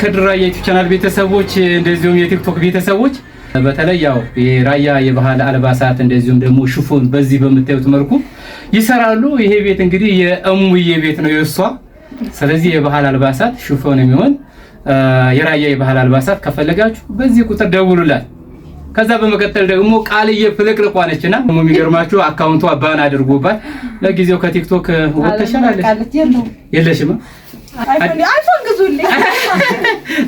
ከድር ራያ ዩቲዩብ ቻናል ቤተሰቦች እንደዚሁም የቲክቶክ ቤተሰቦች በተለይ ያው የራያ የባህል አልባሳት እንደዚሁም ደግሞ ሽፎን በዚህ በምታዩት መልኩ ይሰራሉ። ይሄ ቤት እንግዲህ የእሙዬ ቤት ነው የእሷ። ስለዚህ የባህል አልባሳት ሽፎን የሚሆን የራያ የባህል አልባሳት ከፈለጋችሁ በዚህ ቁጥር ደውሉላት። ከዛ በመቀጠል ደግሞ ቃልዬ ፍልቅልቋ ነችና የሚገርማችሁ አካውንቷ ባን አድርጎባት ለጊዜው ከቲክቶክ ወጥተሻል ወጥተሻላለች የለሽማ አይፎን ግዙልኝ።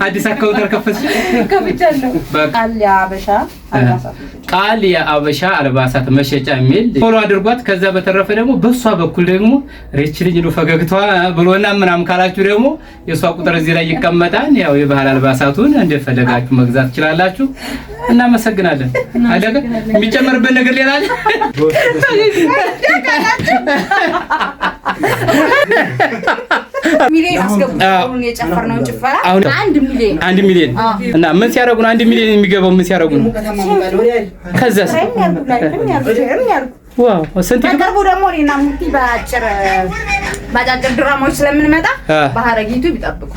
አዲስ አካውንት ከፈትሽ ቃል የአበሻ አልባሳት መሸጫ የሚል ፎሎ አድርጓት። ከዛ በተረፈ ደግሞ በእሷ በኩል ደግሞ ሬች ልጅ ነው ፈገግቷ ብሎና ምናምን ካላችሁ ደግሞ የእሷ ቁጥር እዚህ ላይ ይቀመጣል። ያው የባህል አልባሳቱን እንደፈለጋችሁ መግዛት ትችላላችሁ። እናመሰግናለን። አደገ የሚጨመርበት ነገር ሌላ አለ? አንድ ሚሊዮን አንድ ሚሊዮን እና ምን ሲያደርጉ ነው አንድ ሚሊዮን የሚገባው? ምን ሲያደርጉ ነው? ከዛስ ዋው ስንት በቅርቡ ደግሞ እኔና ሙቲ በአጭር በአጫጭር ድራማዎች ስለምንመጣ ይጠብቁ።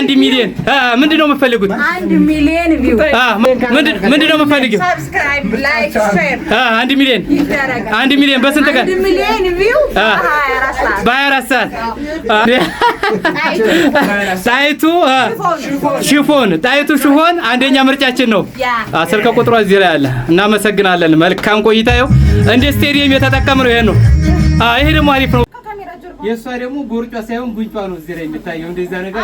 አንድ ሚሊዮን ምንድን ነው የምትፈልጉት? አንድ ሚሊዮን ቪው ምንድን ነው የምትፈልጊው? አንድ ሚሊዮን አንድ ሚሊዮን በስንት ቀን? በሀያ አራት ሰዓት ጣይቱ ሽፎን ጣይቱ ሽፎን አንደኛ ምርጫችን ነው። ስልክ ቁጥሯ እዚህ ላይ አለ። እናመሰግናለን። መልካም ቆይታ። ይኸው እንደ ስቴዲየም የተጠቀምነው ይሄን ነው። ይሄ ደግሞ አሪፍ ነው። የእሷ ደግሞ ቦርጯ ሳይሆን ጉንጯ ነው እዚህ ላይ የሚታየው። እንደዛ ነገር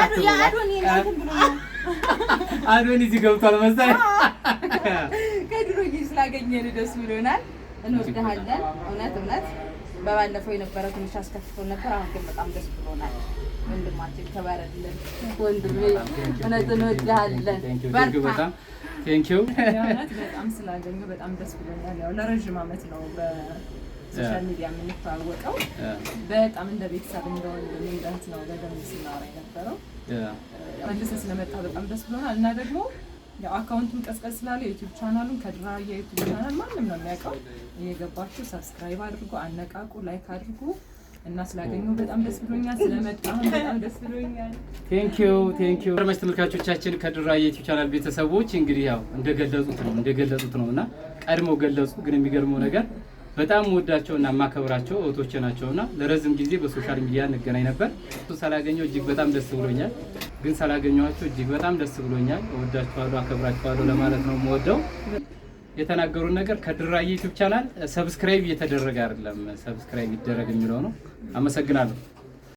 አዶኒ እዚህ ገብቷል መሰለኝ። ከድሮ ጊዜ ስላገኘን ደስ ብሎናል። እንወስድሃለን። እውነት እውነት በባለፈው የነበረው ትንሽ አስከፍቶ ነበር። አሁን ግን በጣም ደስ ብሎናል። ወንድማችን ተባረልን። ወንድሜ እውነት እንወድሃለን። በጣም ቴንኪው። በጣም ስላገኘሁ በጣም ደስ ብሎናል። ያው ለረዥም ዓመት ነው ሶሻል ሚዲያ የምንተዋወቀው በጣም እንደ ቤተሰብ እንደሆነ ነው በደንብ ስናወራ የነበረው። መልሰ ስለመጣ በጣም ደስ ብሎናል። እና ደግሞ አካውንቱን ቀዝቀዝ ስላለ ዩቲዩብ ቻናሉን ከድራ የዩቲዩብ ቻናል ማንም ነው የሚያውቀው። እየገባችሁ ሰብስክራይብ አድርጉ፣ አነቃቁ፣ ላይክ አድርጉ እና ስላገኙ በጣም ደስ ብሎኛል። ስለመጣሁ በጣም ደስ ብሎኛል። ቴንክ ዩ ቴንክ ተመልካቾቻችን ከድራ የዩቲዩብ ቻናል ቤተሰቦች እንግዲህ ያው እንደገለጹት ነው እንደገለጹት ነው እና ቀድሞ ገለጹ። ግን የሚገርመው ነገር በጣም ወዳቸውና ማከብራቸው እህቶቼ ናቸውና ለረዝም ጊዜ በሶሻል ሚዲያ እንገናኝ ነበር። ሳላገኘው እጅግ በጣም ደስ ብሎኛል፣ ግን ሳላገኘኋቸው እጅግ በጣም ደስ ብሎኛል። እወዳችኋለሁ፣ አከብራችኋለሁ ለማለት ነው የምወደው። የተናገሩት ነገር ከድራ ዩቲዩብ ቻናል ሰብስክራይብ እየተደረገ አይደለም፣ ሰብስክራይብ ይደረግ የሚለው ነው። አመሰግናለሁ።